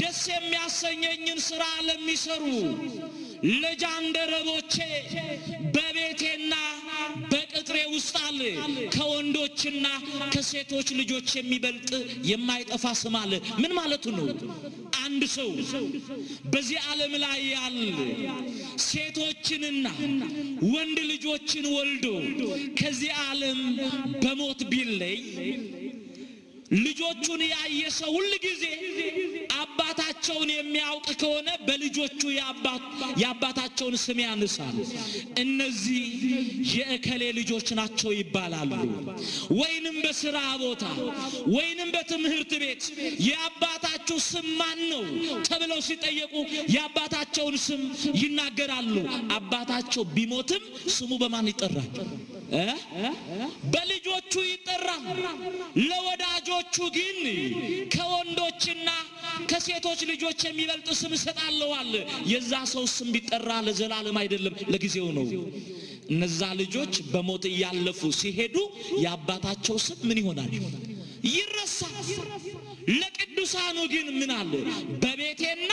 ደስ የሚያሰኘኝን ሥራ ለሚሰሩ ለጃንደረቦቼ በቤቴና በቅጥሬ ውስጥ አለ ከወንዶችና ከሴቶች ልጆች የሚበልጥ የማይጠፋ ስም አለ። ምን ማለቱ ነው? አንድ ሰው በዚህ ዓለም ላይ ያለ ሴቶችንና ወንድ ልጆችን ወልዶ ከዚህ ዓለም በሞት ቢለይ ልጆቹን ያየ ሰው ሁል ጊዜ አባታቸውን የሚያውቅ ከሆነ በልጆቹ የአባታቸውን ስም ያነሳል። እነዚህ የእከሌ ልጆች ናቸው ይባላሉ። ወይንም በስራ ቦታ ወይንም በትምህርት ቤት የአባታችሁ ስም ማን ነው ተብለው ሲጠየቁ የአባታቸውን ስም ይናገራሉ። አባታቸው ቢሞትም ስሙ በማን ይጠራል? በልጆቹ ይጠራል። ለወዳጆቹ ግን ከወንዶችና ከሴቶች ልጆች የሚበልጥ ስም አለ። የዛ ሰው ስም ቢጠራ ለዘላለም አይደለም ለጊዜው ነው። እነዛ ልጆች በሞት እያለፉ ሲሄዱ የአባታቸው ስም ምን ይሆናል? ይረሳል። ለቅዱሳኑ ግን ምን አለ? በቤቴና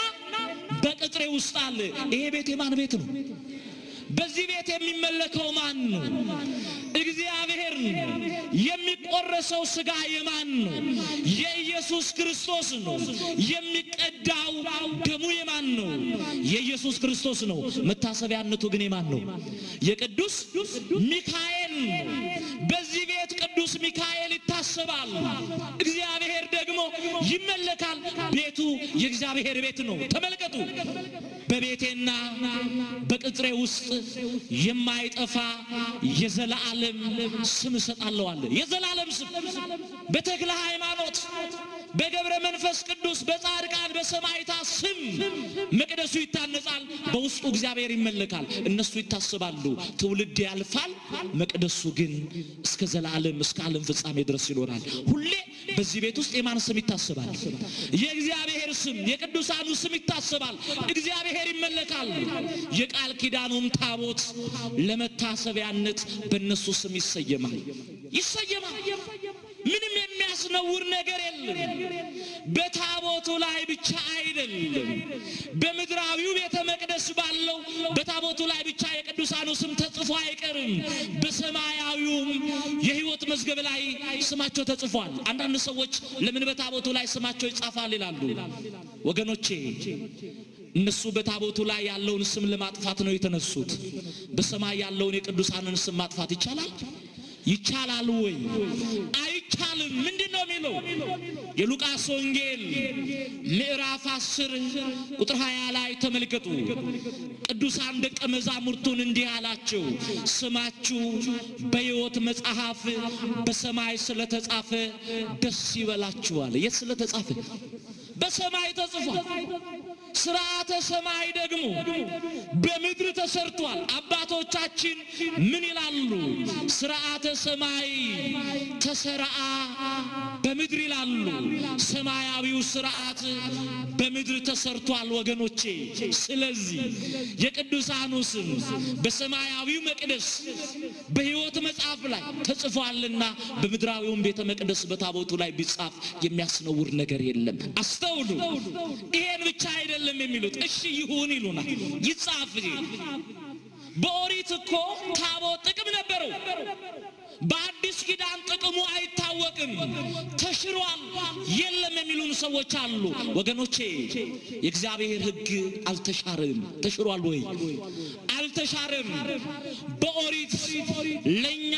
በቅጥሬ ውስጥ አለ። ይሄ ቤቴ ማን ቤት ነው? በዚህ ቤት የሚመለከው ማን ነው? እግዚአብሔር ነው። የሚቆረሰው ስጋ የማን ነው? የኢየሱስ ክርስቶስ ነው። የሚቀዳው ደሙ የማን ነው? የኢየሱስ ክርስቶስ ነው። መታሰቢያነቱ ግን የማን ነው? የቅዱስ ሚካኤል ነው። ቅዱስ ሚካኤል ይታሰባል። እግዚአብሔር ደግሞ ይመለካል። ቤቱ የእግዚአብሔር ቤት ነው። ተመልከቱ። በቤቴና በቅጥሬ ውስጥ የማይጠፋ የዘላለም ስም እሰጣለሁ አለ። የዘላለም ስም በተክለ ሃይማኖት በገብረ መንፈስ ቅዱስ በጻድቃን በሰማይታ ስም መቅደሱ ይታነጻል፣ በውስጡ እግዚአብሔር ይመለካል። እነሱ ይታስባሉ፣ ትውልድ ያልፋል፣ መቅደሱ ግን እስከ ዘላለም እስከ ዓለም ፍጻሜ ድረስ ይኖራል። ሁሌ በዚህ ቤት ውስጥ የማን ስም ይታሰባል? የእግዚአብሔር ስም፣ የቅዱሳኑ ስም ይታሰባል። እግዚአብሔር ይመለካል። የቃል ኪዳኑም ታቦት ለመታሰቢያነት በእነሱ ስም ይሰየማል ይሰየማል ምንም ነውር ነገር የለም። በታቦቱ ላይ ብቻ አይደለም፣ በምድራዊው ቤተ መቅደስ ባለው በታቦቱ ላይ ብቻ የቅዱሳኑ ስም ተጽፎ አይቀርም። በሰማያዊውም የሕይወት መዝገብ ላይ ስማቸው ተጽፏል። አንዳንድ ሰዎች ለምን በታቦቱ ላይ ስማቸው ይጻፋል ይላሉ። ወገኖቼ እነሱ በታቦቱ ላይ ያለውን ስም ለማጥፋት ነው የተነሱት። በሰማይ ያለውን የቅዱሳንን ስም ማጥፋት ይቻላል? ይቻላል ወይ? አይቻልም። ምንድን ነው የሚለው? የሉቃስ ወንጌል ምዕራፍ 10 ቁጥር 20 ላይ ተመልከቱ። ቅዱሳን ደቀ መዛሙርቱን እንዲህ አላቸው፣ ስማችሁ በሕይወት መጽሐፍ በሰማይ ስለተጻፈ ደስ ይበላችኋል። የት ስለተጻፈ በሰማይ ተጽፏል። ስርዓተ ሰማይ ደግሞ በምድር ተሰርቷል። አባቶቻችን ምን ይላሉ? ስርዓተ ሰማይ ተሰርአ በምድር ይላሉ። ሰማያዊው ስርዓት በምድር ተሰርቷል ወገኖቼ። ስለዚህ የቅዱሳኑ ስም በሰማያዊው መቅደስ በሕይወት መጽሐፍ ላይ ተጽፏልና በምድራዊውም ቤተ መቅደስ በታቦቱ ላይ ቢጻፍ የሚያስነውር ነገር የለም። አስተውሉ። ይሄን ብቻ አይደለም የሚሉት፣ እሺ ይሁን ይሉናል። ይጻፍ በኦሪት እኮ ታቦት ጥቅም ነበረው። በአዲስ ኪዳን ጥቅሙ አይታወቅም፣ ተሽሯል፣ የለም የሚሉም ሰዎች አሉ። ወገኖቼ የእግዚአብሔር ህግ አልተሻርም ተሽሯል ወይ? አልተሻርም በኦሪት ለእኛ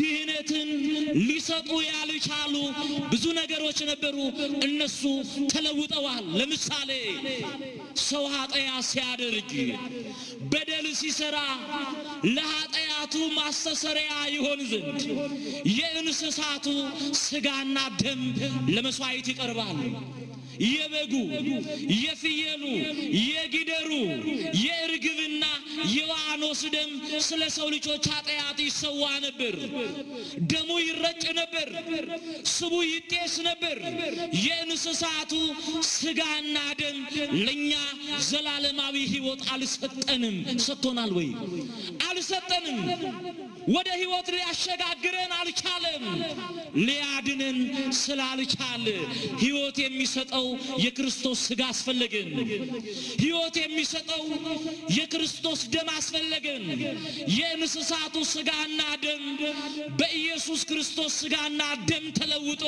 ድህነትን ሊሰጡ ያልቻሉ ብዙ ነገሮች ነበሩ። እነሱ ተለውጠዋል። ለምሳሌ ሰው ኃጢያ ሲያደርግ በደል ሲሰራ ለኃጢአቱ ማስተሰሪያ ይሆ ይሆን ዘንድ የእንስሳቱ ስጋና ደም ለመስዋዕት ይቀርባል። የበጉ፣ የፍየሉ፣ የጊደሩ፣ የእርግብና የዋኖስ ደም ስለ ሰው ልጆች ኃጢአት ይሰዋ ነበር። ደሙ ይረጭ ነበር፣ ስቡ ይጤስ ነበር። የእንስሳቱ ስጋና ደም ለእኛ ዘላለማዊ ሕይወት አልሰጠንም። ሰጥቶናል ወይ? አልሰጠንም። ወደ ህይወት ሊያሸጋግረን አልቻለም። ሊያድነን ስላልቻለ ህይወት የሚሰጠው የክርስቶስ ስጋ አስፈለገን። ህይወት የሚሰጠው የክርስቶስ ደም አስፈለገን። የእንስሳቱ ስጋና ደም በኢየሱስ ክርስቶስ ስጋና ደም ተለውጦ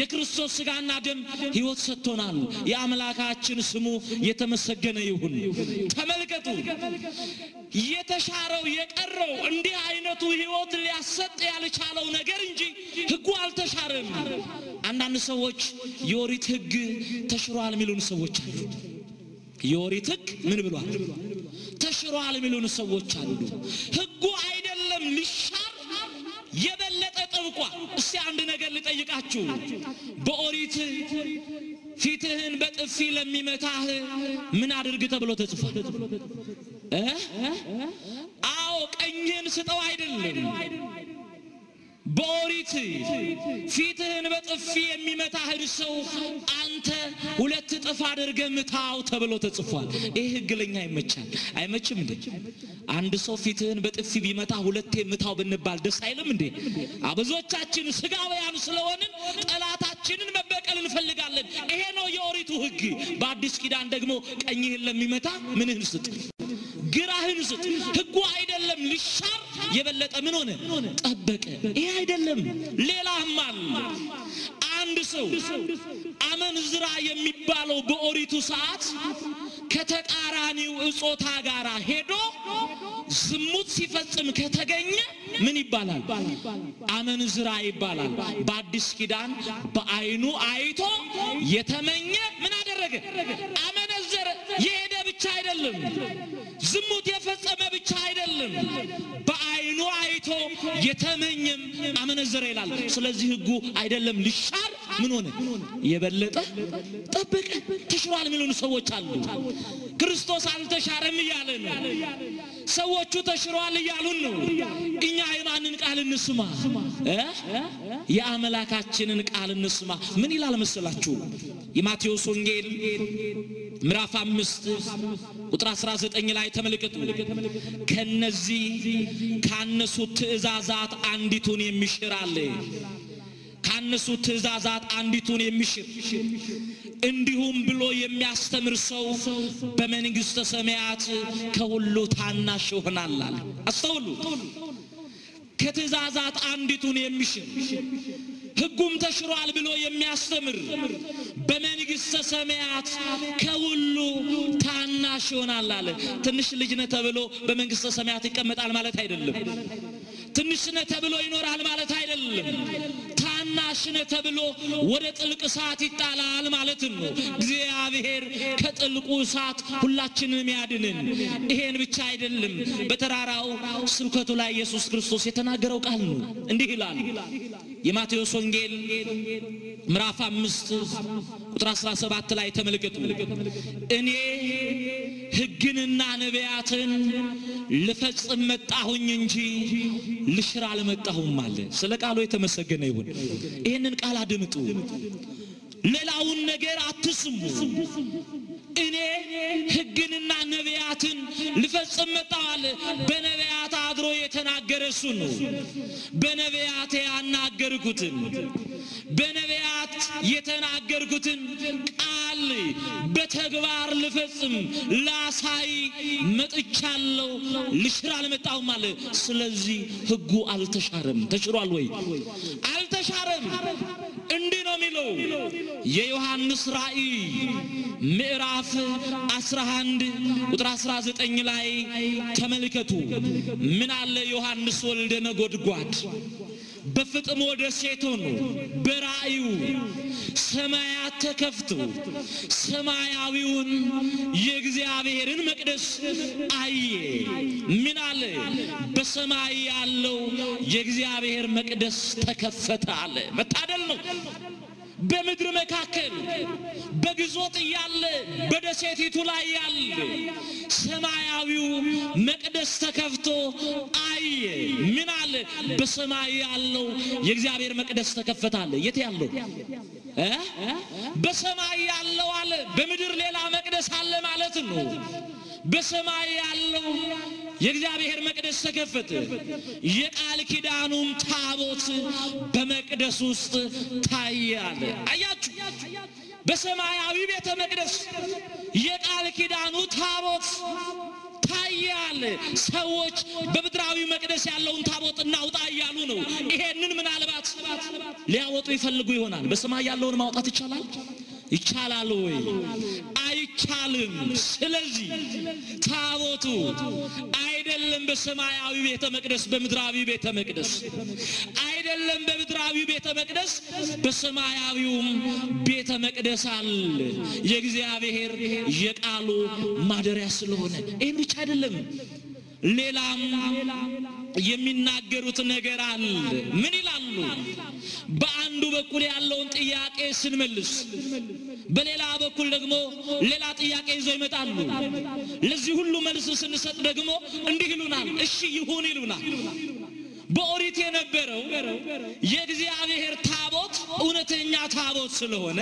የክርስቶስ ስጋና ደም ህይወት ሰጥቶናል። የአምላካችን ስሙ የተመሰገነ ይሁን። ተመልከቱ የተሻረው የ የቀረው እንዲህ አይነቱ ህይወት ሊያሰጥ ያልቻለው ነገር እንጂ ህጉ አልተሻረም። አንዳንድ ሰዎች የኦሪት ህግ ተሽሯል የሚሉን ሰዎች አሉ። የኦሪት ህግ ምን ብሏል? ተሽሯል የሚሉን ሰዎች አሉ። ህጉ አይደለም ሊሻር የበለጠ ጥብቋ እስቲ አንድ ነገር ልጠይቃችሁ። በኦሪት ፊትህን በጥፊ ለሚመታህ ምን አድርግ ተብሎ ተጽፏል? ስጠው አይደለም። በኦሪት ፊትህን በጥፊ የሚመታህ ሰው አንተ ሁለት እጥፍ አድርገህ ምታው ተብሎ ተጽፏል። ይህ ህግ ለኛ አይመችም እንዴ? አንድ ሰው ፊትህን በጥፊ ቢመታ ሁለቴ ምታው ብንባል ደስ አይልም እንዴ? አብዞቻችን ስጋውያን ስለሆንን ጠላታችንን መበቀል እንፈልጋለን። ይሄ ነው የኦሪቱ ህግ። በአዲስ ኪዳን ደግሞ ቀኝህን ለሚመታ ምንህን ስጥ ግራህን ስጥ። ህጉ አይደለም ሊሻር የበለጠ ምን ሆነ ጠበቀ። ይሄ አይደለም ሌላም አንድ ሰው አመንዝራ የሚባለው በኦሪቱ ሰዓት ከተቃራኒው እጾታ ጋር ሄዶ ዝሙት ሲፈጽም ከተገኘ ምን ይባላል? አመንዝራ ይባላል። በአዲስ ኪዳን በአይኑ አይቶ የተመኘ ምን አደረገ? አመነዘረ። የሄደ ብቻ አይደለም ዝሙት የፈጸመ ብቻ አይደለም፣ በአይኑ አይቶ የተመኘም አመነዘረ ይላል። ስለዚህ ህጉ አይደለም ሊሻር ምን ሆነ የበለጠ ጠበቀ ተሽሯል የሚሉን ሰዎች አሉ። ክርስቶስ አልተሻረም እያለ ነው። ሰዎቹ ተሽሯል እያሉን ነው። እኛ የማንን ቃል እንስማ? የአምላካችንን ቃል እንስማ። ምን ይላል መሰላችሁ? የማቴዎስ ወንጌል ምዕራፍ አምስት ቁጥር 19 ላይ ተመልከቱ። ከነዚህ ካነሱ ትእዛዛት አንዲቱን የሚሽር አለ። ካነሱ ትእዛዛት አንዲቱን የሚሽር እንዲሁም ብሎ የሚያስተምር ሰው በመንግሥተ ሰማያት ከሁሉ ታናሽ ይሆናል አለ። አስተውሉ። ከትእዛዛት አንዲቱን የሚሽር ሕጉም ተሽሯል ብሎ የሚያስተምር በመንግሥተ ሰማያት ከሁሉ ታናሽ ይሆናል አለ። ትንሽ ልጅ ነህ ተብሎ በመንግሥተ ሰማያት ይቀመጣል ማለት አይደለም። ትንሽ ነህ ተብሎ ይኖራል ማለት አይደለም። ቀናሽ ነህ ተብሎ ወደ ጥልቅ እሳት ይጣላል ማለትም ነው። እግዚአብሔር ከጥልቁ እሳት ሁላችንም ያድንን። ይሄን ብቻ አይደለም፣ በተራራው ስብከቱ ላይ ኢየሱስ ክርስቶስ የተናገረው ቃል ነው። እንዲህ ይላል የማቴዎስ ወንጌል ምዕራፍ አምስት ቁጥር 17 ላይ ተመልከቱ እኔ ሕግንና ነቢያትን ልፈጽም መጣሁኝ እንጂ ልሽር አልመጣሁም አለ። ስለ ቃሉ የተመሰገነ ይሁን። ይህንን ቃል አድምጡ። ሌላውን ነገር አትስሙ። እኔ ህግንና ነቢያትን ልፈጽም መጣል በነቢያት አድሮ የተናገረ እሱ ነው። በነቢያት ያናገርኩትን በነቢያት የተናገርኩትን ቃል በተግባር ልፈጽም ላሳይ መጥቻለሁ። ልሽር አልመጣሁም አለ። ስለዚህ ህጉ አልተሻረም። ተሽሯል ወይ? አልተሻረም። እንዲህ ነው የሚለው የዮሐንስ ራእይ ምዕራፍ 11 ቁጥር 19 ላይ ተመልከቱ። ምን አለ ዮሐንስ ወልደ ነጎድጓድ በፍጥሞ ደሴቱን በራእዩ ሰማያት ተከፍቱ ሰማያዊውን የእግዚአብሔርን መቅደስ አየ። ምን አለ? በሰማይ ያለው የእግዚአብሔር መቅደስ ተከፈተ አለ። መታደል ነው። በምድር መካከል በግዞት እያለ በደሴቲቱ ላይ ያለ ሰማያዊው መቅደስ ተከፍቶ አየ። ምን አለ? በሰማይ ያለው የእግዚአብሔር መቅደስ ተከፈታለ። የት ያለው? በሰማይ ያለው አለ። በምድር ሌላ መቅደስ አለ ማለት ነው። በሰማይ ያለው የእግዚአብሔር መቅደስ ተከፈተ። የቃል ኪዳኑም ታቦት በመቅደስ ውስጥ ታያለ። አያችሁ፣ በሰማያዊ ቤተ መቅደስ የቃል ኪዳኑ ታቦት ታያለ። ሰዎች በምድራዊ መቅደስ ያለውን ታቦት እናውጣ እያሉ ነው። ይሄንን ምናልባት ሊያወጡ ይፈልጉ ይሆናል። በሰማይ ያለውን ማውጣት ይቻላል ይቻላል ወይ? አይቻልም። ስለዚህ ታቦቱ አይደለም በሰማያዊ ቤተ መቅደስ፣ በምድራዊ ቤተ መቅደስ አይደለም በምድራዊ ቤተ መቅደስ፣ በሰማያዊውም ቤተ መቅደስ አለ የእግዚአብሔር የቃሉ ማደሪያ ስለሆነ ይህም ብቻ አይደለም። ሌላም የሚናገሩት ነገር አለ። ምን ይላሉ? በአንዱ በኩል ያለውን ጥያቄ ስንመልስ፣ በሌላ በኩል ደግሞ ሌላ ጥያቄ ይዘው ይመጣሉ። ለዚህ ሁሉ መልስ ስንሰጥ ደግሞ እንዲህ ይሉናል፣ እሺ ይሁን ይሉናል። በኦሪት የነበረው የእግዚአብሔር ታቦት እውነተኛ ታቦት ስለሆነ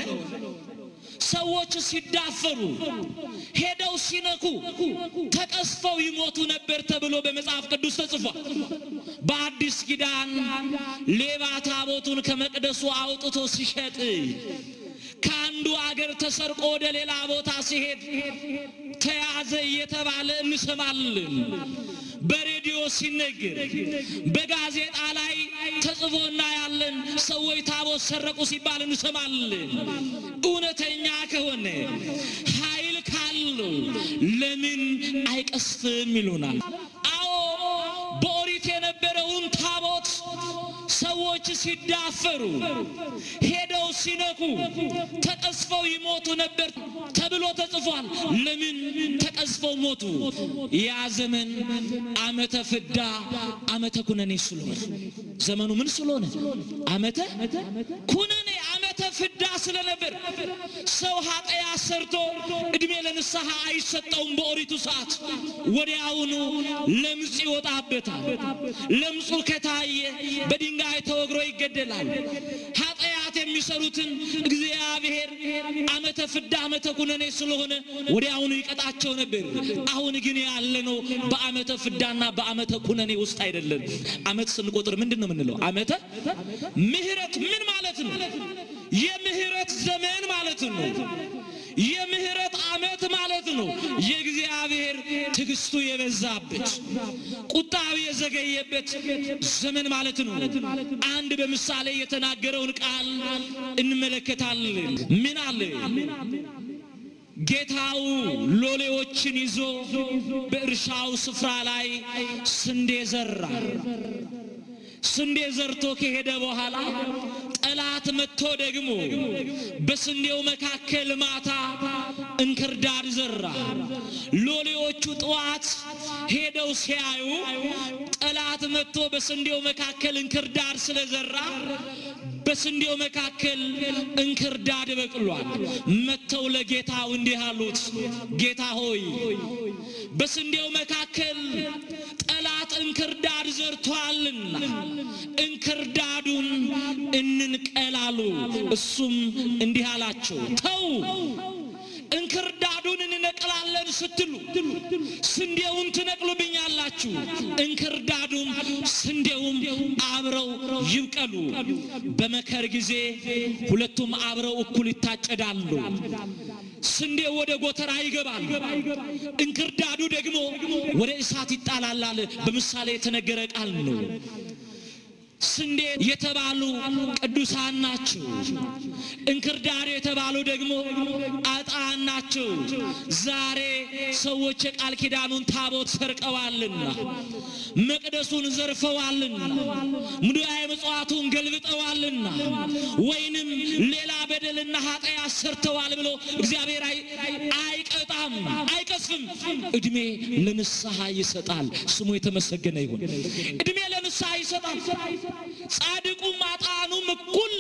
ሰዎች ሲዳፈሩ ሄደው ሲነኩ ተቀስፈው ይሞቱ ነበር ተብሎ በመጽሐፍ ቅዱስ ተጽፏል። በአዲስ ኪዳን ሌባ ታቦቱን ከመቅደሱ አውጥቶ ሲሸጥ ከአንዱ አገር ተሰርቆ ወደ ሌላ ቦታ ሲሄድ ተያዘ እየተባለ እንሰማለን። በሬዲዮ ሲነገር በጋዜጣ ላይ ተጽፎ እናያለን። ሰዎች ታቦት ሰረቁ ሲባል እንሰማለን። እውነተኛ ከሆነ ኃይል ካለው ለምን አይቀስፍም ይሉናል። ሰዎች ሲዳፈሩ ሄደው ሲነኩ ተቀስፈው ይሞቱ ነበር ተብሎ ተጽፏል። ለምን ተቀስፈው ሞቱ? ያ ዘመን ዓመተ ፍዳ ዓመተ ኩነኔ ስለሆነ ዘመኑ ምን ስለሆነ ዓመተ ኩነኔ ቤተ ፍዳ ስለነበር ሰው ኃጢያ ሰርቶ እድሜ ለንስሐ አይሰጠውም። በኦሪቱ ሰዓት ወዲያውኑ ለምጽ ይወጣበታል። ለምጹ ከታየ በድንጋይ ተወግሮ ይገደላል። ኃጢአት የሚሰሩትን እግዚአብሔር ዓመተ ፍዳ ዓመተ ኩነኔ ስለሆነ ወዲያውኑ ይቀጣቸው ነበር። አሁን ግን ያለነው በዓመተ ፍዳና በዓመተ ኩነኔ ውስጥ አይደለም። ዓመት ስንቆጥር ምንድን ነው የምንለው? ዓመተ ምሕረት ምን ማለት ነው? የምህረት ዘመን ማለት ነው። የምህረት ዓመት ማለት ነው። የእግዚአብሔር ትዕግስቱ የበዛበት ቁጣው የዘገየበት ዘመን ማለት ነው። አንድ በምሳሌ የተናገረውን ቃል እንመለከታለን። ምን አለ? ጌታው ሎሌዎችን ይዞ በእርሻው ስፍራ ላይ ስንዴ ዘራ። ስንዴ ዘርቶ ከሄደ በኋላ ጠላት መጥቶ ደግሞ በስንዴው መካከል ማታ እንክርዳድ ዘራ። ሎሌዎቹ ጠዋት ሄደው ሲያዩ ጠላት መጥቶ በስንዴው መካከል እንክርዳድ ስለዘራ በስንዴው መካከል እንክርዳድ በቅሏል። መጥተው ለጌታው እንዲህ አሉት፣ ጌታ ሆይ በስንዴው መካከል ጠላት እንክርዳድ ዘርቷልና እንክርዳዱን እንንቀላሉ። እሱም እንዲህ አላቸው፣ ተው እንክርዳዱን እንነቅላለን ስትሉ ስንዴውን ትነቅሉብኛላችሁ፣ እንክርዳዱም ስንዴውም አብረው ይብቀሉ። በመከር ጊዜ ሁለቱም አብረው እኩል ይታጨዳሉ። ስንዴ ወደ ጎተራ ይገባል፣ እንክርዳዱ ደግሞ ወደ እሳት ይጣላላል። በምሳሌ የተነገረ ቃል ነው። ስንዴ የተባሉ ቅዱሳን ናቸው እንክርዳድ የተባሉ ደግሞ አጣን ናቸው። ዛሬ ሰዎች የቃል ኪዳኑን ታቦት ሰርቀዋልና መቅደሱን ዘርፈዋልና ሙዳየ ምጽዋቱን ገልብጠዋልና ወይንም ሌላ በደልና ኃጢአት ሰርተዋል ብሎ እግዚአብሔር አይቀጣም፣ አይቀስፍም። እድሜ ለንስሐ ይሰጣል። ስሙ የተመሰገነ ይሁን። እድሜ ለንስሐ ይሰጣል። ጻድቁም አጣኑም እኩል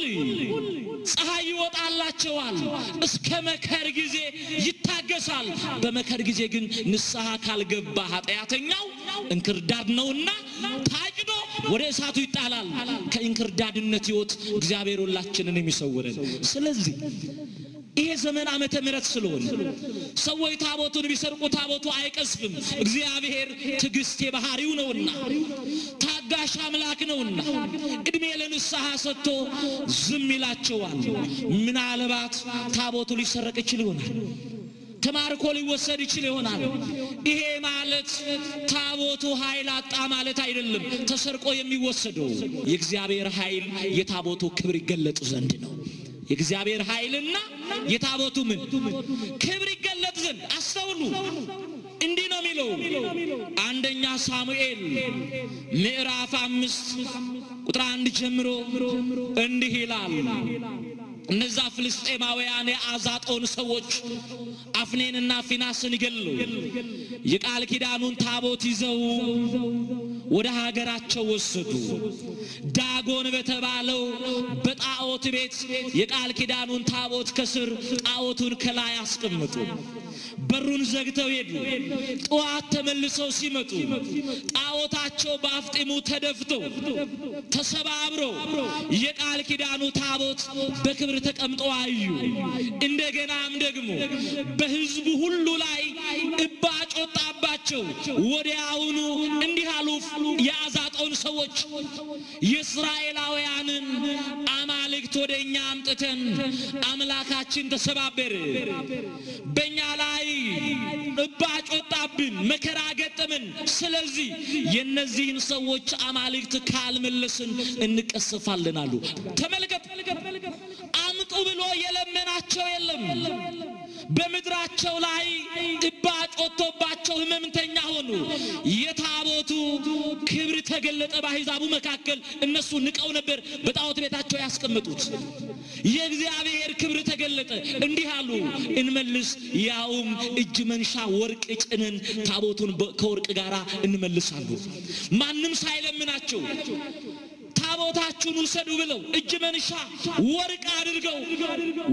ፀሐይ ይወጣላቸዋል። እስከ መከር ጊዜ ይታገሳል። በመከር ጊዜ ግን ንስሐ ካልገባ ኃጢአተኛው እንክርዳድ ነውና ታጭዶ ወደ እሳቱ ይጣላል። ከእንክርዳድነት ሕይወት እግዚአብሔር ሁላችንን የሚሰውረን። ስለዚህ ይሄ ዘመን ዓመተ ምሕረት ስለሆነ ሰዎች ታቦቱን ቢሰርቁ ታቦቱ አይቀስፍም። እግዚአብሔር ትዕግስት የባህሪው ነውና ታጋሽ አምላክ ነውና እድሜ ለንስሐ ሰጥቶ ዝም ይላቸዋል። ምናልባት ታቦቱ ሊሰረቅ ይችል ይሆናል። ተማርኮ ሊወሰድ ይችል ይሆናል። ይሄ ማለት ታቦቱ ኃይል አጣ ማለት አይደለም። ተሰርቆ የሚወሰደው የእግዚአብሔር ኃይል የታቦቱ ክብር ይገለጥ ዘንድ ነው። የእግዚአብሔር ኃይልና የታቦቱ ምን ክብር ይገለጥ ዘንድ አስተውሉ። እንዲህ ነው የሚለው አንደኛ ሳሙኤል ምዕራፍ አምስት ቁጥር አንድ ጀምሮ እንዲህ ይላል። እነዛ ፍልስጤማውያን የአዛጦን ሰዎች አፍኔንና ፊናስን ይገሉ የቃል ኪዳኑን ታቦት ይዘው ወደ ሀገራቸው ወሰዱ። ዳጎን በተባለው በጣዖት ቤት የቃል ኪዳኑን ታቦት ከስር ጣዖቱን ከላይ አስቀምጡ። በሩን ዘግተው ሄዱ። ጠዋት ተመልሰው ሲመጡ ጣዖታቸው በአፍጢሙ ተደፍተው ተሰባብረው የቃል ኪዳኑ ታቦት በክብር ተቀምጦ አዩ። እንደገናም ደግሞ በሕዝቡ ሁሉ ላይ እባጭ ወጣባ አላቸው። ወዲያውኑ እንዲህ አሉ የአዛጦን ሰዎች የእስራኤላውያንን አማልክት ወደ እኛ አምጥተን አምላካችን ተሰባበር፣ በእኛ ላይ እባጭ ወጣብን፣ መከራ ገጠምን። ስለዚህ የእነዚህን ሰዎች አማልክት ካልመለስን እንቀስፋለን አሉ። ተመልከት ብሎ የለመናቸው የለም። በምድራቸው ላይ እባጭ ወጥቶባቸው ህመምተኛ ሆኑ። የታቦቱ ክብር ተገለጠ በአሕዛቡ መካከል። እነሱ ንቀው ነበር በጣዖት ቤታቸው ያስቀመጡት። የእግዚአብሔር ክብር ተገለጠ። እንዲህ አሉ፣ እንመልስ፣ ያውም እጅ መንሻ ወርቅ ጭነን ታቦቱን ከወርቅ ጋር እንመልሳሉ። ማንም ሳይለምናቸው ታቦታችሁን ውሰዱ ብለው እጅ መንሻ ወርቅ አድርገው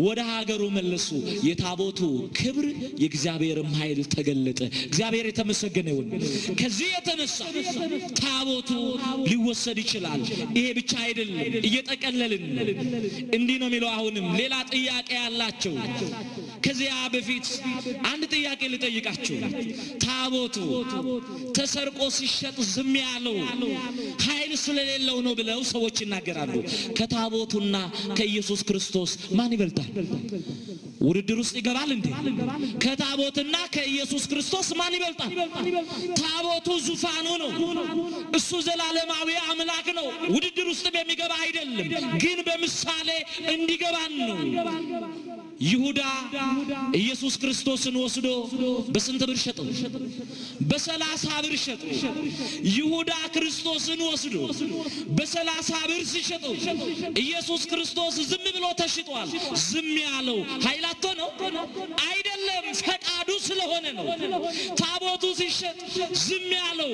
ወደ ሀገሩ መለሱ። የታቦቱ ክብር የእግዚአብሔርም ኃይል ተገለጠ። እግዚአብሔር የተመሰገነ ይሁን። ከዚህ የተነሳ ታቦቱ ሊወሰድ ይችላል። ይሄ ብቻ አይደለም፣ እየጠቀለልን እንዲህ ነው የሚለው። አሁንም ሌላ ጥያቄ ያላቸው ከዚያ በፊት አንድ ጥያቄ ልጠይቃችሁ። ታቦቱ ተሰርቆ ሲሸጥ ዝም ያለው ኃይል ስለሌለው ነው ብለው ሰዎች ይናገራሉ። ከታቦቱና ከኢየሱስ ክርስቶስ ማን ይበልጣል? ውድድር ውስጥ ይገባል እንዴ? ከታቦትና ከኢየሱስ ክርስቶስ ማን ይበልጣል? ታቦቱ ዙፋኑ ነው። እሱ ዘላለማዊ አምላክ ነው። ውድድር ውስጥ የሚገባ አይደለም፣ ግን በምሳሌ እንዲገባን ነው። ይሁዳ ኢየሱስ ክርስቶስን ወስዶ በስንት ብር ሸጠው? በሰላሳ ብር ሸጠው። ይሁዳ ክርስቶስን ወስዶ በሰላሳ ብር ሲሸጠው ኢየሱስ ክርስቶስ ዝም ብሎ ተሽጧል። ዝም ያለው ኃይላቶ ነው አይ ፈቃዱ ስለሆነ ነው። ታቦቱ ሲሸጥ ዝም ያለው፣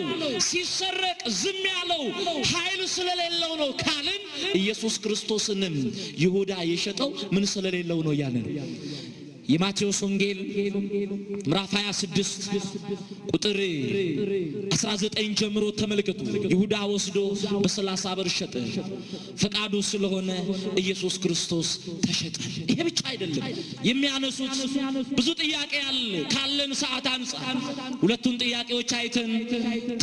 ሲሰረቅ ዝም ያለው ኃይል ስለሌለው ነው ካልን ኢየሱስ ክርስቶስንም ይሁዳ የሸጠው ምን ስለሌለው ነው ያለ ነው። የማቴዎስ ወንጌል ምዕራፍ 26 ቁጥር 19 ጀምሮ ተመልከቱ። ይሁዳ ወስዶ በሰላሳ ብር ሸጠ፣ ፈቃዱ ስለሆነ ኢየሱስ ክርስቶስ ተሸጠ። ይሄ ብቻ አይደለም የሚያነሱት ብዙ ጥያቄ አለ። ካለን ሰዓት አንጻር ሁለቱን ጥያቄዎች አይተን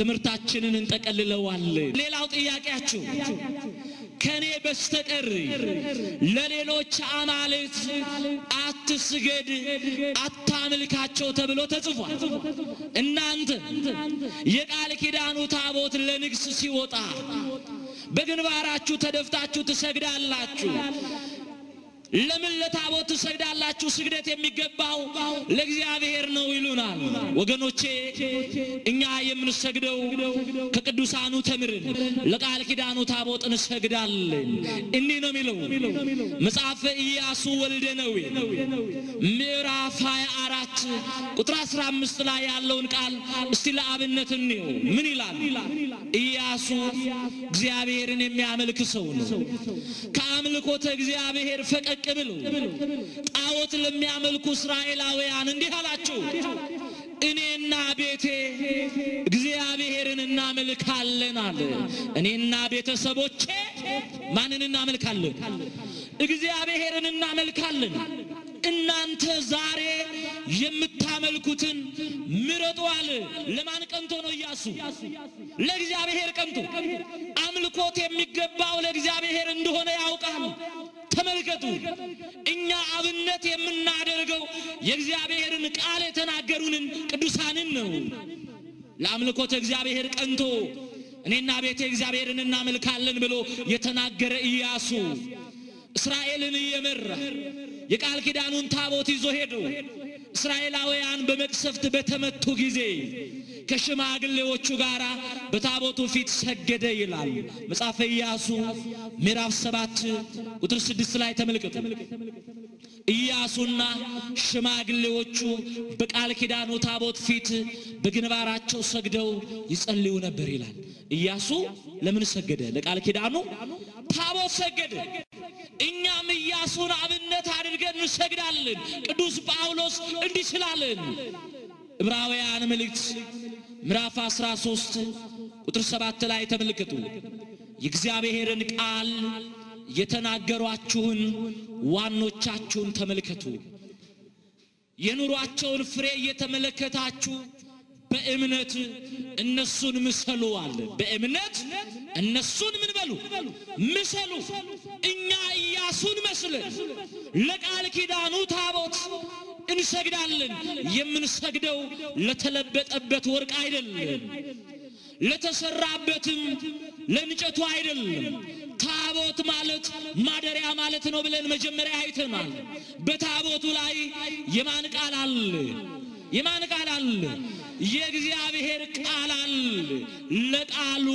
ትምህርታችንን እንጠቀልለዋለን። ሌላው ጥያቄያችሁ ከኔ በስተቀር ለሌሎች አማልክት አትስገድ፣ አታምልካቸው ተብሎ ተጽፏል። እናንተ የቃል ኪዳኑ ታቦት ለንግስ ሲወጣ በግንባራችሁ ተደፍታችሁ ትሰግዳላችሁ። ለምን ለታቦት ትሰግዳላችሁ? ስግደት የሚገባው ለእግዚአብሔር ነው ይሉናል። ወገኖቼ እኛ የምንሰግደው ከቅዱሳኑ ተምርን ለቃል ኪዳኑ ታቦት እንሰግዳለን። እኒህ ነው የሚለው መጽሐፈ ኢያሱ ወልደ ነዌ ምዕራፍ 24 ቁጥር 15 ላይ ያለውን ቃል እስቲ ለአብነት እንየው። ምን ይላል? ኢያሱ እግዚአብሔርን የሚያመልክ ሰው ነው። ከአምልኮተ እግዚአብሔር ፈቀቅ ዝቅ ብሉ። ጣዖት ለሚያመልኩ እስራኤላውያን እንዲህ አላችሁ፣ እኔና ቤቴ እግዚአብሔርን እናመልካለን አለ። እኔና ቤተሰቦቼ ማንን እናመልካለን? እግዚአብሔርን እናመልካለን። እናንተ ዛሬ የምታመልኩትን ምረጡ አለ። ለማን ቀንቶ ነው እያሱ ለእግዚአብሔር ቀንቶ። አምልኮት የሚገባው ለእግዚአብሔር እንደሆነ ያውቃል። ተመልከቱ፣ እኛ አብነት የምናደርገው የእግዚአብሔርን ቃል የተናገሩንን ቅዱሳንን ነው። ለአምልኮት እግዚአብሔር ቀንቶ እኔና ቤቴ እግዚአብሔርን እናመልካለን ብሎ የተናገረ ኢያሱ እስራኤልን እየመራ የቃል ኪዳኑን ታቦት ይዞ ሄዶ እስራኤላውያን በመቅሰፍት በተመቱ ጊዜ ከሽማግሌዎቹ ጋር በታቦቱ ፊት ሰገደ ይላል መጽሐፈ ኢያሱ ምዕራፍ ሰባት ቁጥር ስድስት ላይ ተመልከቱ። ኢያሱና ሽማግሌዎቹ በቃል ኪዳኑ ታቦት ፊት በግንባራቸው ሰግደው ይጸልዩ ነበር ይላል። ኢያሱ ለምን ሰገደ? ለቃል ኪዳኑ ታቦት ሰገደ። እኛም ኢያሱን አብነት አድርገን እንሰግዳለን። ቅዱስ ጳውሎስ እንዲህ ስላለን ዕብራውያን መልእክት ምዕራፍ 13 ቁጥር 7 ላይ ተመልከቱ። የእግዚአብሔርን ቃል የተናገሯችሁን ዋኖቻችሁን ተመልከቱ። የኑሯቸውን ፍሬ እየተመለከታችሁ በእምነት እነሱን ምሰሉ አለ። በእምነት እነሱን ምን በሉ ምሰሉ። እኛ ኢያሱን መስለን ለቃል ኪዳኑ ታቦት እንሰግዳለን። የምንሰግደው ለተለበጠበት ወርቅ አይደለም፣ ለተሰራበትም ለእንጨቱ አይደለም። ታቦት ማለት ማደሪያ ማለት ነው ብለን መጀመሪያ አይተናል። በታቦቱ ላይ የማን ቃል አለ? የማን ቃል አለ? የእግዚአብሔር አለ ለቃሉ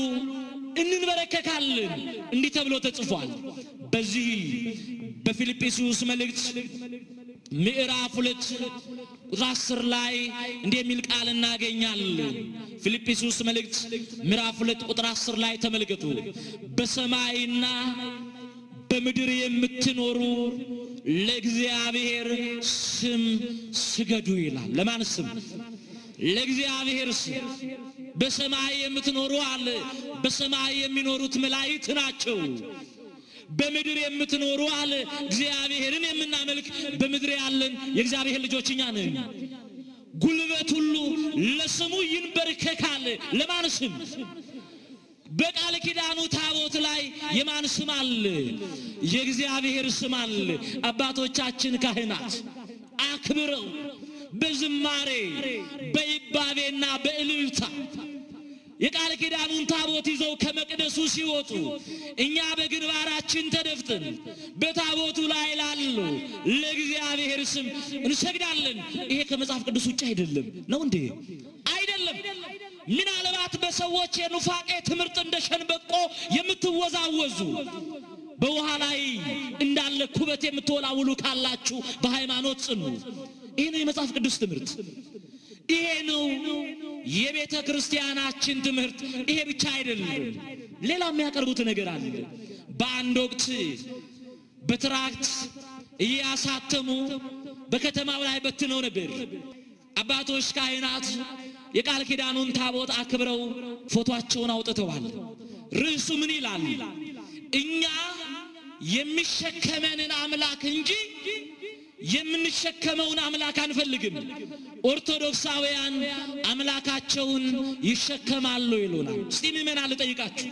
እንንበረከካለን። እንዲህ ተብሎ ተጽፏል። በዚህ በፊልጵስዩስ መልእክት ምዕራፍ ሁለት ቁጥር አስር ላይ እንዲህ የሚል ቃል እናገኛለን። ፊልጵስዩስ መልእክት ምዕራፍ ሁለት ቁጥር አስር ላይ ተመልከቱ። በሰማይና በምድር የምትኖሩ ለእግዚአብሔር ስም ስገዱ ይላል። ለማን ስም? ለእግዚአብሔር በሰማይ የምትኖሩ አለ። በሰማይ የሚኖሩት መላእክት ናቸው። በምድር የምትኖሩ አለ። እግዚአብሔርን የምናመልክ በምድር ያለን የእግዚአብሔር ልጆች እኛ ነን። ጉልበት ሁሉ ለስሙ ይንበርከካል። ለማን ስም? በቃል ኪዳኑ ታቦት ላይ የማን ስም አለ? የእግዚአብሔር ስም አለ። አባቶቻችን ካህናት አክብረው በዝማሬ በይባቤና በእልልታ የቃል ኪዳኑን ታቦት ይዘው ከመቅደሱ ሲወጡ እኛ በግንባራችን ተደፍተን በታቦቱ ላይ ላሉ ለእግዚአብሔር ስም እንሰግዳለን። ይሄ ከመጽሐፍ ቅዱስ ውጭ አይደለም። ነው እንዴ? አይደለም። ምናልባት በሰዎች የኑፋቄ ትምህርት እንደ ሸንበቆ የምትወዛወዙ በውሃ ላይ እንዳለ ኩበት የምትወላውሉ ካላችሁ በሃይማኖት ጽኑ። ይሄ ነው የመጽሐፍ ቅዱስ ትምህርት። ይሄ ነው የቤተ ክርስቲያናችን ትምህርት። ይሄ ብቻ አይደለም፣ ሌላ የሚያቀርቡት ነገር አለ። በአንድ ወቅት በትራክት እያሳተሙ በከተማው ላይ በትነው ነበር። አባቶች ካህናት የቃል ኪዳኑን ታቦት አክብረው ፎቶአቸውን አውጥተዋል። ርዕሱ ምን ይላል? እኛ የሚሸከመንን አምላክ እንጂ የምንሸከመውን አምላክ አንፈልግም። ኦርቶዶክሳውያን አምላካቸውን ይሸከማሉ ይሉናል። እስቲ ምመና ልጠይቃችሁ፣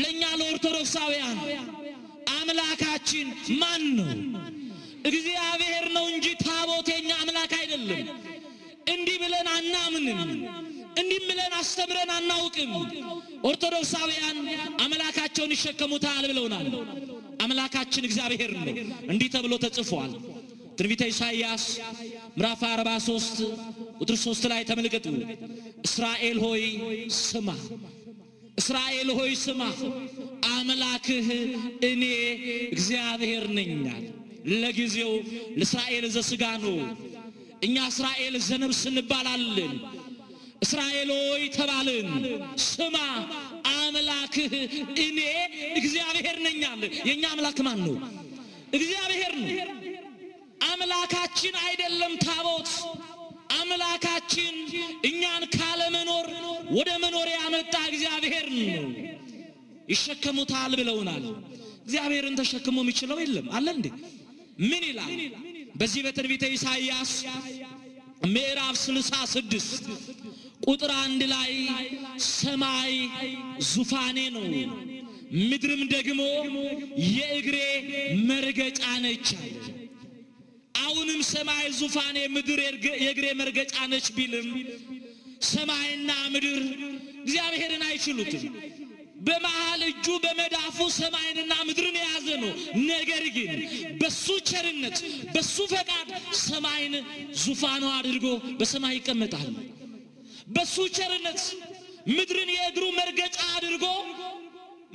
ለእኛ ለኦርቶዶክሳውያን አምላካችን ማን ነው? እግዚአብሔር ነው እንጂ ታቦት የኛ አምላክ አይደለም። እንዲህ ብለን አናምንም። እንዲህ ብለን አስተምረን አናውቅም። ኦርቶዶክሳውያን አምላካቸውን ይሸከሙታል ብለውናል። አምላካችን እግዚአብሔር ነው። እንዲህ ተብሎ ተጽፏል። ትንቢተ ኢሳይያስ ምዕራፍ 43 ቁጥር 3 ላይ ተመልከቱ። እስራኤል ሆይ ስማ፣ እስራኤል ሆይ ስማ፣ አምላክህ እኔ እግዚአብሔር ነኛል። ለጊዜው ለእስራኤል ዘስጋ ነው። እኛ እስራኤል ዘነብስ እንባላለን። እስራኤል ሆይ ተባልን፣ ስማ አምላክህ እኔ እግዚአብሔር ነኛል። አለ። የእኛ አምላክ ማን ነው? እግዚአብሔር ነው። አምላካችን አይደለም ታቦት። አምላካችን እኛን ካለመኖር ወደ መኖር ያመጣ እግዚአብሔር ነው። ይሸከሙታል ብለውናል። እግዚአብሔርን ተሸክሞ የሚችለው የለም አለ እንዴ? ምን ይላል? በዚህ በትንቢተ ኢሳይያስ ምዕራፍ ስልሳ ስድስት ቁጥር አንድ ላይ ሰማይ ዙፋኔ ነው፣ ምድርም ደግሞ የእግሬ መርገጫ ነች። አሁንም ሰማይ ዙፋኔ፣ ምድር የእግሬ መርገጫ ነች ቢልም ሰማይና ምድር እግዚአብሔርን አይችሉትም። በመሃል እጁ በመዳፉ ሰማይንና ምድርን የያዘ ነው። ነገር ግን በሱ ቸርነት በሱ ፈቃድ ሰማይን ዙፋኑ አድርጎ በሰማይ ይቀመጣል። በሱ ቸርነት ምድርን የእግሩ መርገጫ አድርጎ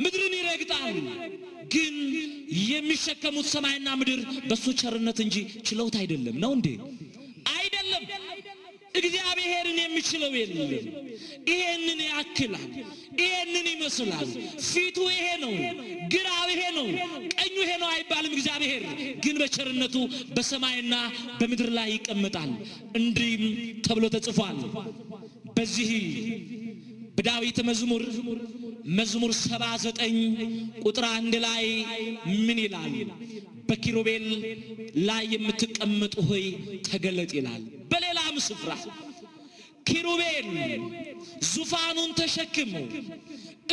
ምድርን ይረግጣል። ግን የሚሸከሙት ሰማይና ምድር በሱ ቸርነት እንጂ ችለውት አይደለም። ነው እንዴ? አይደለም። እግዚአብሔርን የሚችለው የለም። ይሄንን ያክላል፣ ይሄንን ይመስላል። ፊቱ ይሄ ነው፣ ግራው ይሄ ነው፣ ቀኙ ይሄ ነው አይባልም። እግዚአብሔር ግን በቸርነቱ በሰማይና በምድር ላይ ይቀመጣል። እንዲህም ተብሎ ተጽፏል በዚህ በዳዊት መዝሙር መዝሙር 79 ቁጥር አንድ ላይ ምን ይላል? በኪሩቤል ላይ የምትቀመጡ ሆይ ተገለጥ ይላል። በሌላም ስፍራ ኪሩቤል ዙፋኑን ተሸክሞ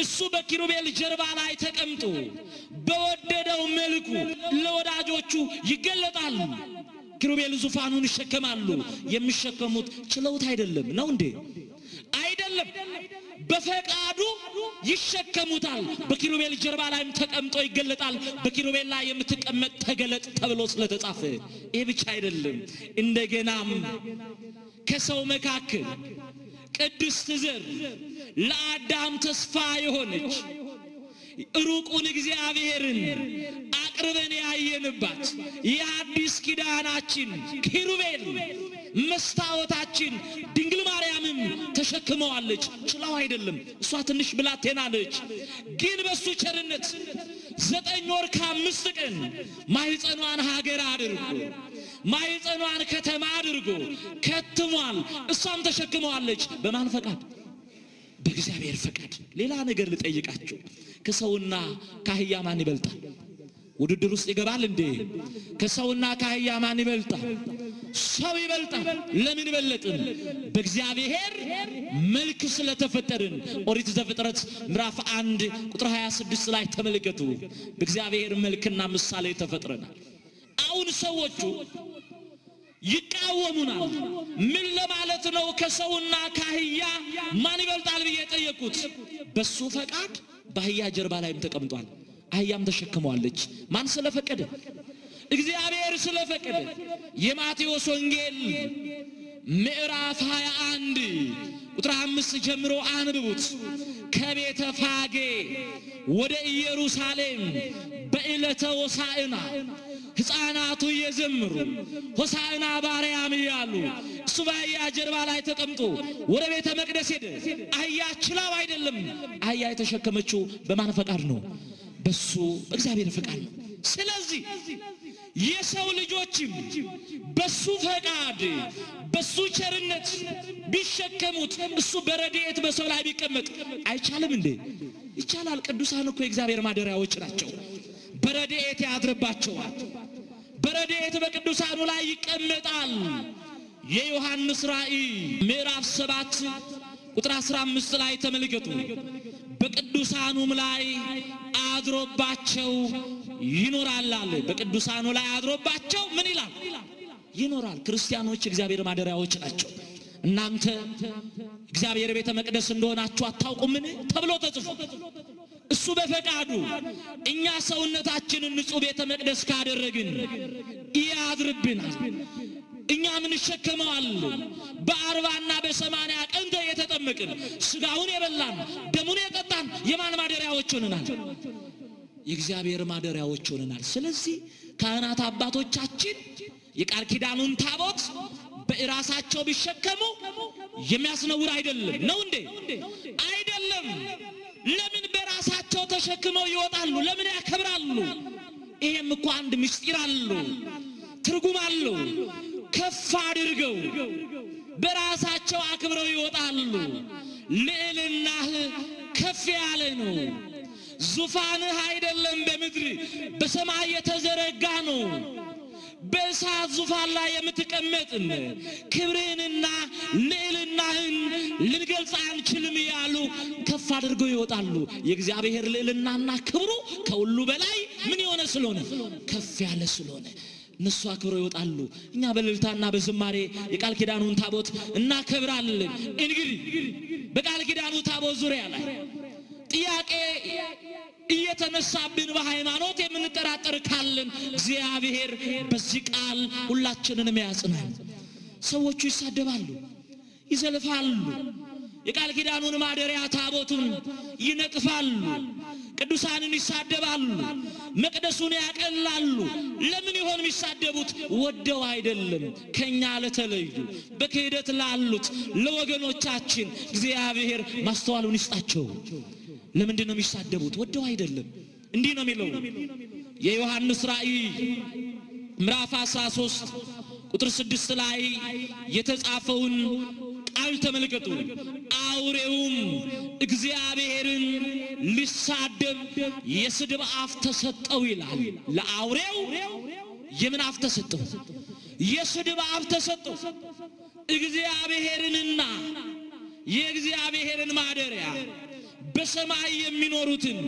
እሱ በኪሩቤል ጀርባ ላይ ተቀምጦ በወደደው መልኩ ለወዳጆቹ ይገለጣል። ኪሩቤል ዙፋኑን ይሸከማሉ። የሚሸከሙት ችለውት አይደለም ነው እንዴ? አይደለም፣ በፈቃዱ ይሸከሙታል። በኪሩቤል ጀርባ ላይም ተቀምጦ ይገለጣል። በኪሩቤል ላይ የምትቀመጥ ተገለጥ ተብሎ ስለተጻፈ ይህ ብቻ አይደለም። እንደገናም ከሰው መካከል ቅድስት ዘር ለአዳም ተስፋ የሆነች ሩቁን እግዚአብሔርን ቀርበን ያየንባት የአዲስ ኪዳናችን ኪሩቤል መስታወታችን ድንግል ማርያምም ተሸክመዋለች። ችላው አይደለም እሷ ትንሽ ብላቴና ነች። ግን በሱ ቸርነት ዘጠኝ ወር ከአምስት ቀን ማኅፀኗን ሀገር አድርጎ ማኅፀኗን ከተማ አድርጎ ከትሟል። እሷም ተሸክመዋለች። በማን ፈቃድ? በእግዚአብሔር ፈቃድ። ሌላ ነገር ልጠይቃቸው፣ ከሰውና ከአህያ ማን ይበልጣል? ውድድር ውስጥ ይገባል እንዴ? ከሰውና ከአህያ ማን ይበልጣል? ሰው ይበልጣል። ለምን በለጥን? በእግዚአብሔር መልክ ስለተፈጠርን። ኦሪት ዘፍጥረት ምዕራፍ አንድ ቁጥር 26 ላይ ተመልከቱ። በእግዚአብሔር መልክና ምሳሌ ተፈጥረናል። አሁን ሰዎቹ ይቃወሙናል። ምን ለማለት ነው? ከሰውና ከአህያ ማን ይበልጣል ብዬ ጠየቁት? በሱ ፈቃድ በአህያ ጀርባ ላይም ተቀምጧል። አህያም ተሸክመዋለች። ማን ስለፈቀደ? እግዚአብሔር ስለፈቀደ። የማቴዎስ ወንጌል ምዕራፍ 21 ቁጥር አምስት ጀምሮ አንብቡት። ከቤተ ፋጌ ወደ ኢየሩሳሌም በዕለተ ወሳዕና ሕፃናቱ እየዘምሩ ሆሳዕና ባርያም እያሉ እሱ በአህያ ጀርባ ላይ ተቀምጦ ወደ ቤተ መቅደስ ሄደ። አህያ ችላው አይደለም። አህያ የተሸከመችው በማን ፈቃድ ነው? በሱ እግዚአብሔር ፈቃድ ነው። ስለዚህ የሰው ልጆችም በሱ ፈቃድ በሱ ቸርነት ቢሸከሙት እሱ በረድኤት በሰው ላይ ቢቀመጥ አይቻልም እንዴ? ይቻላል። ቅዱሳን እኮ የእግዚአብሔር ማደሪያዎች ናቸው። በረድኤት ያድርባቸዋል። በረድኤት በቅዱሳኑ ላይ ይቀመጣል። የዮሐንስ ራእይ ምዕራፍ ሰባት ቁጥር አስራ አምስት ላይ ተመልከቱ። በቅዱሳኑም ላይ አድሮባቸው ይኖራል አለ። በቅዱሳኑ ላይ አድሮባቸው ምን ይላል? ይኖራል። ክርስቲያኖች እግዚአብሔር ማደሪያዎች ናቸው። እናንተ እግዚአብሔር ቤተ መቅደስ እንደሆናችሁ አታውቁምን ተብሎ ተጽፎ እሱ በፈቃዱ እኛ ሰውነታችንን ንጹሕ ቤተ መቅደስ ካደረግን ያድርብናል። ምናምን እሸከመዋለሁ። በአርባና በሰማንያ ቀን የተጠመቅን ስጋውን የበላን ደሙን የጠጣን የማን ማደሪያዎች ሆነናል? የእግዚአብሔር ማደሪያዎች ሆነናል። ስለዚህ ካህናት አባቶቻችን የቃል ኪዳኑን ታቦት በራሳቸው ቢሸከሙ የሚያስነውር አይደለም። ነው እንዴ? አይደለም። ለምን በራሳቸው ተሸክመው ይወጣሉ? ለምን ያከብራሉ? ይሄም እኮ አንድ ምስጢር አለው፣ ትርጉም አለው። ከፍ አድርገው በራሳቸው አክብረው ይወጣሉ። ልዕልናህ ከፍ ያለ ነው። ዙፋንህ አይደለም በምድር በሰማይ የተዘረጋ ነው። በእሳት ዙፋን ላይ የምትቀመጥን ክብርህንና ልዕልናህን ልንገልጽ አንችልም እያሉ ከፍ አድርገው ይወጣሉ። የእግዚአብሔር ልዕልናና ክብሩ ከሁሉ በላይ ምን የሆነ ስለሆነ ከፍ ያለ ስለሆነ እነሱ አክብረው ይወጣሉ። እኛ በልልታና በዝማሬ የቃል ኪዳኑን ታቦት እናከብራለን። እንግዲህ በቃል ኪዳኑ ታቦት ዙሪያ ላይ ጥያቄ እየተነሳብን በሃይማኖት የምንጠራጠር ካለን እግዚአብሔር በዚህ ቃል ሁላችንንም ያጽናል። ሰዎቹ ይሳደባሉ፣ ይዘልፋሉ፣ የቃል ኪዳኑን ማደሪያ ታቦቱን ይነቅፋሉ። ቅዱሳንን ይሳደባሉ፣ መቅደሱን ያቀላሉ። ለምን ይሆን የሚሳደቡት? ወደው አይደለም። ከኛ ለተለዩ በክህደት ላሉት ለወገኖቻችን እግዚአብሔር ማስተዋሉን ይስጣቸው። ለምንድን ነው የሚሳደቡት? ወደው አይደለም። እንዲህ ነው የሚለው የዮሐንስ ራእይ ምዕራፍ 13 ቁጥር ስድስት ላይ የተጻፈውን ቃል ተመልከቱ። አውሬውም እግዚአብሔርን ሊሳደብ የስድብ አፍ ተሰጠው ይላል። ለአውሬው የምን አፍ ተሰጠው? የስድብ አፍ ተሰጠው። እግዚአብሔርንና የእግዚአብሔርን ማደሪያ በሰማይ የሚኖሩትን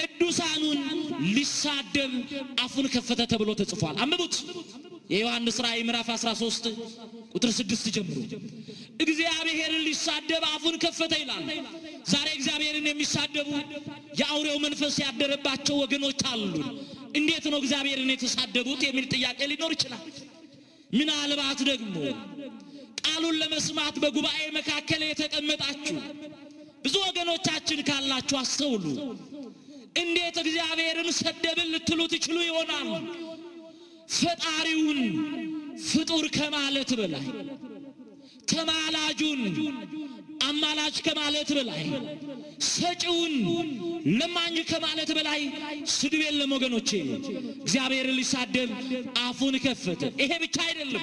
ቅዱሳኑን ሊሳደብ አፉን ከፈተ ተብሎ ተጽፏል። አንብቡት። የዮሐንስ ራእይ ምዕራፍ 13 ቁጥር 6 ጀምሮ እግዚአብሔርን ሊሳደብ አፉን ከፈተ ይላል። ዛሬ እግዚአብሔርን የሚሳደቡ የአውሬው መንፈስ ያደረባቸው ወገኖች አሉ። እንዴት ነው እግዚአብሔርን የተሳደቡት የሚል ጥያቄ ሊኖር ይችላል። ምናልባት ደግሞ ቃሉን ለመስማት በጉባኤ መካከል የተቀመጣችሁ ብዙ ወገኖቻችን ካላችሁ አስተውሉ። እንዴት እግዚአብሔርን ሰደብን ልትሉ ትችሉ ይሆናል። ፈጣሪውን ፍጡር ከማለት በላይ ተማላጁን አማላጅ ከማለት በላይ ሰጪውን ለማኝ ከማለት በላይ ስድብ የለም ወገኖቼ። እግዚአብሔር ሊሳደብ አፉን ከፈተ። ይሄ ብቻ አይደለም፣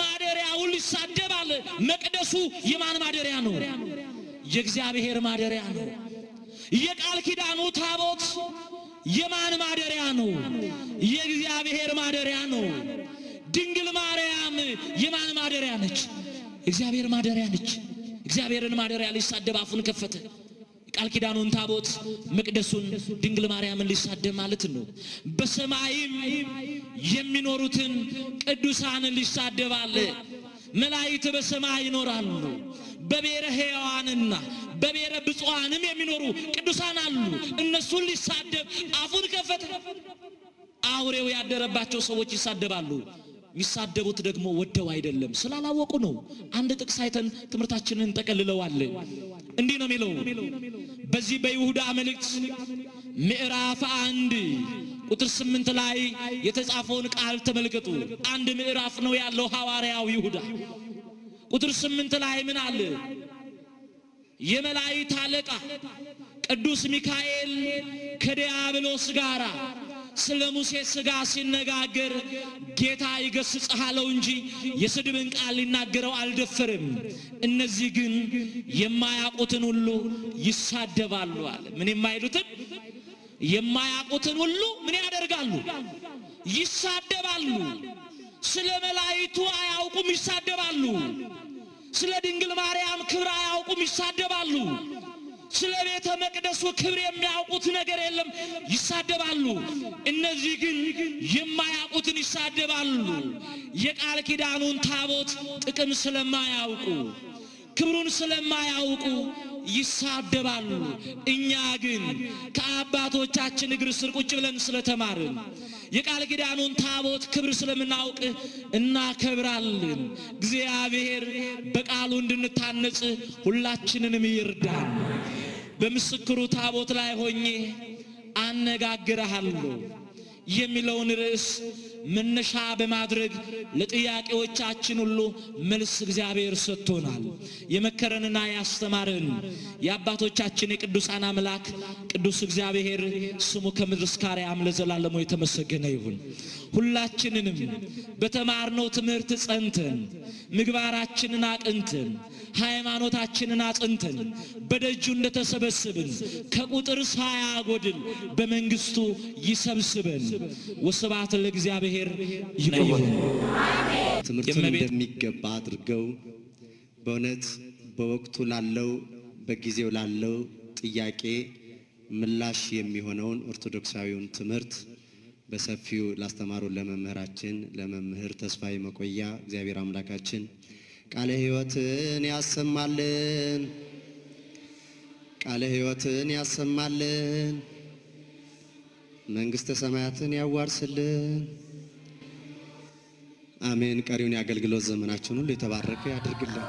ማደሪያውን ሊሳደብ አለ። መቅደሱ የማን ማደሪያ ነው? የእግዚአብሔር ማደሪያ ነው። የቃል ኪዳኑ ታቦት የማን ማደሪያ ነው? የእግዚአብሔር ማደሪያ ነው። ድንግል ማርያም የማን ማደሪያ ነች? እግዚአብሔር ማደሪያ ነች። እግዚአብሔርን ማደሪያ ሊሳደብ አፉን ከፈተ። ቃል ኪዳኑን ታቦት መቅደሱን ድንግል ማርያምን ሊሳደብ ማለት ነው። በሰማይም የሚኖሩትን ቅዱሳን ሊሳደብ አለ። መላእክት በሰማይ ይኖራሉ። በቤረ ሕያዋንና በቤረ ብፁዓንም የሚኖሩ ቅዱሳን አሉ። እነሱን ሊሳደብ አፉን ከፈተ። አውሬው ያደረባቸው ሰዎች ይሳደባሉ። ይሳደቡት ደግሞ ወደው አይደለም ስላላወቁ ነው። አንድ ጥቅስ አይተን ትምህርታችንን ጠቀልለዋል። እንዲህ ነው የሚለው በዚህ በይሁዳ መልእክት ምዕራፍ አንድ ቁጥር ስምንት ላይ የተጻፈውን ቃል ተመልከቱ። አንድ ምዕራፍ ነው ያለው ሐዋርያው ይሁዳ። ቁጥር ስምንት ላይ ምን አለ? የመላእክት አለቃ ቅዱስ ሚካኤል ከዲያብሎስ ጋራ ስለ ሙሴ ስጋ ሲነጋገር ጌታ ይገስጽሃለው እንጂ የስድብን ቃል ሊናገረው አልደፈርም። እነዚህ ግን የማያውቁትን ሁሉ ይሳደባሉ አለ። ምን የማይሉትን የማያውቁትን ሁሉ ምን ያደርጋሉ? ይሳደባሉ። ስለ መላይቱ አያውቁም፣ ይሳደባሉ። ስለ ድንግል ማርያም ክብር አያውቁም፣ ይሳደባሉ። ስለ ቤተ መቅደሱ ክብር የሚያውቁት ነገር የለም፣ ይሳደባሉ። እነዚህ ግን የማያውቁትን ይሳደባሉ። የቃል ኪዳኑን ታቦት ጥቅም ስለማያውቁ ክብሩን ስለማያውቁ ይሳደባሉ። እኛ ግን ከአባቶቻችን እግር ስር ቁጭ ብለን ስለተማርን የቃል ኪዳኑን ታቦት ክብር ስለምናውቅ እናከብራለን። እግዚአብሔር በቃሉ እንድንታነጽ ሁላችንንም ይርዳል። በምስክሩ ታቦት ላይ ሆኜ አነጋግረሃለሁ የሚለውን ርዕስ መነሻ በማድረግ ለጥያቄዎቻችን ሁሉ መልስ እግዚአብሔር ሰጥቶናል። የመከረንና ያስተማረን የአባቶቻችን የቅዱሳን አምላክ ቅዱስ እግዚአብሔር ስሙ ከምድር እስከ አርያም ለዘላለሙ የተመሰገነ ይሁን። ሁላችንንም በተማርነው ትምህርት ጸንተን ምግባራችንን አቅንተን ሃይማኖታችንን አጽንተን በደጁ እንደተሰበስብን ከቁጥር ሳያጎድል በመንግስቱ ይሰብስበን። ወስብሐት ለእግዚአብሔር ይሁን። ትምህርቱን እንደሚገባ አድርገው በእውነት በወቅቱ ላለው በጊዜው ላለው ጥያቄ ምላሽ የሚሆነውን ኦርቶዶክሳዊውን ትምህርት በሰፊው ላስተማሩ ለመምህራችን ለመምህር ተስፋዬ መቆያ እግዚአብሔር አምላካችን ቃለ ሕይወትን ያሰማልን። ቃለ ሕይወትን ያሰማልን። መንግሥተ ሰማያትን ያዋርስልን። አሜን። ቀሪውን የአገልግሎት ዘመናችን ሁሉ የተባረከ ያድርግልን።